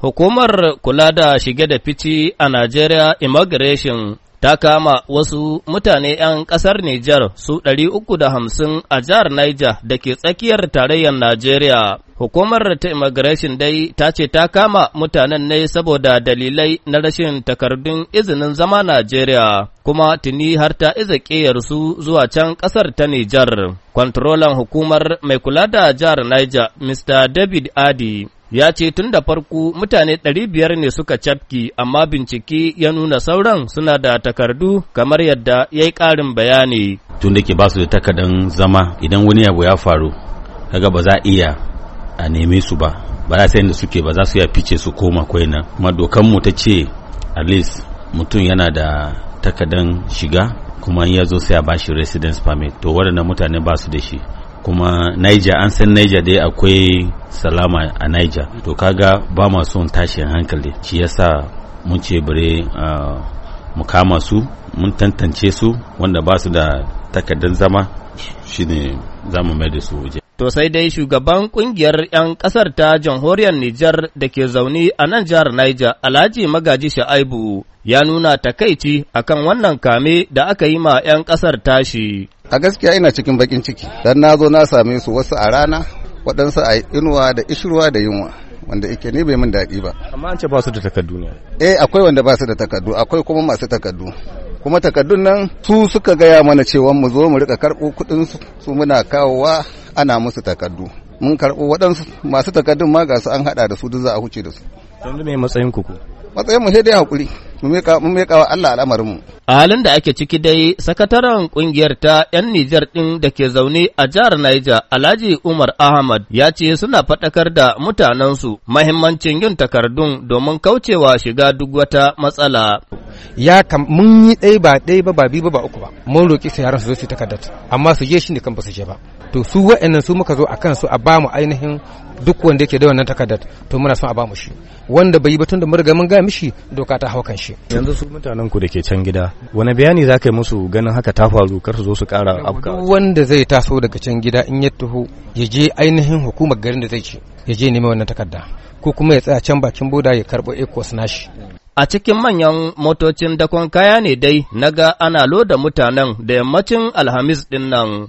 Hukumar kula da shige da fici a Najeriya Immigration ta kama wasu mutane ‘yan ƙasar Nijar su ɗari uku da hamsin a jihar Niger da ke tsakiyar tarayyar Najeriya. Hukumar ta Immigration dai ta ce ta kama mutanen ne saboda dalilai na rashin takardun izinin zama Najeriya, kuma tuni har ta iza su zuwa can ƙasar ta Nijar. Kwantrolan hukumar mai kula da jihar Niger, Mr. David Adi. ya ce tun da farko mutane ɗari biyar ne suka cafki amma bincike ya nuna sauran suna da takardu kamar yadda ya yi ƙarin bayani. Tun da ke ba su da takardun zama idan wani abu ya faru, kaga ba za a iya a neme su ba, ba za sayan da suke ba za su ya fice su koma kwai nan. Kuma dokanmu ta ce, at least mutum yana da takardun shiga kuma ya zo sai a ba shi residence permit to waɗannan mutane ba su da shi kuma niger an san niger dai akwai salama a niger to kaga ba ma son tashin hankali shi yasa mun ce bare mu kama su mun tantance su wanda ba su da takardar zama shine za mu mai da su waje To sai dai shugaban kungiyar 'yan kasar ta jamhuriyar Nijar da ke zaune a nan jihar Niger, Alhaji Magaji Sha'aibu, ya nuna takaici akan wannan kame da aka yi ma 'yan kasar tashi. a gaskiya ina cikin bakin ciki dan na zo na same su wasu a rana waɗansu a inuwa da ishirwa da yunwa wanda ike ne bai min daɗi ba amma an ce ba su da takardu ne eh akwai wanda ba su da takardu akwai kuma masu takardu kuma takardun nan su suka gaya mana cewa mu zo mu rika karɓo kuɗin su muna kawowa ana musu takardu mun karɓo waɗansu masu takardun ma ga su an haɗa da su duk za a huce da su yanzu mai matsayin ku matsayin mu sai dai hakuri mu miƙa wa Allah al'amarinmu. A halin da ake ciki dai, sakataren ƙungiyar ta 'yan Nijar ɗin da ke zaune a jihar Niger, Alhaji Umar Ahmad, ya ce suna faɗakar da mutanensu mahimmancin yin takardun domin kaucewa shiga duk wata matsala. Ya kam mun yi ɗaya ba ɗaya ba ba biyu ba ba uku ba, mun roƙi su yaran su zo su takardar, amma su je shi ne kan ba su je ba. to su wa'annan su muka zo a kan su a bamu ainihin duk wanda yake da wannan takardar to muna son a bamu shi wanda bai yi batun da murga mun ga mishi doka ta hau kan shi yanzu su mutanen ku da ke can gida wani bayani za ka yi musu ganin haka ta faru kar su zo su kara afka wanda zai taso daga can gida in ya taho ya je ainihin hukumar garin da zai ce ya je nemi wannan takarda ko kuma ya tsaya can bakin boda ya karbo ecos nashi A cikin manyan motocin dakon kaya ne dai na ga ana loda mutanen da yammacin Alhamis dinnan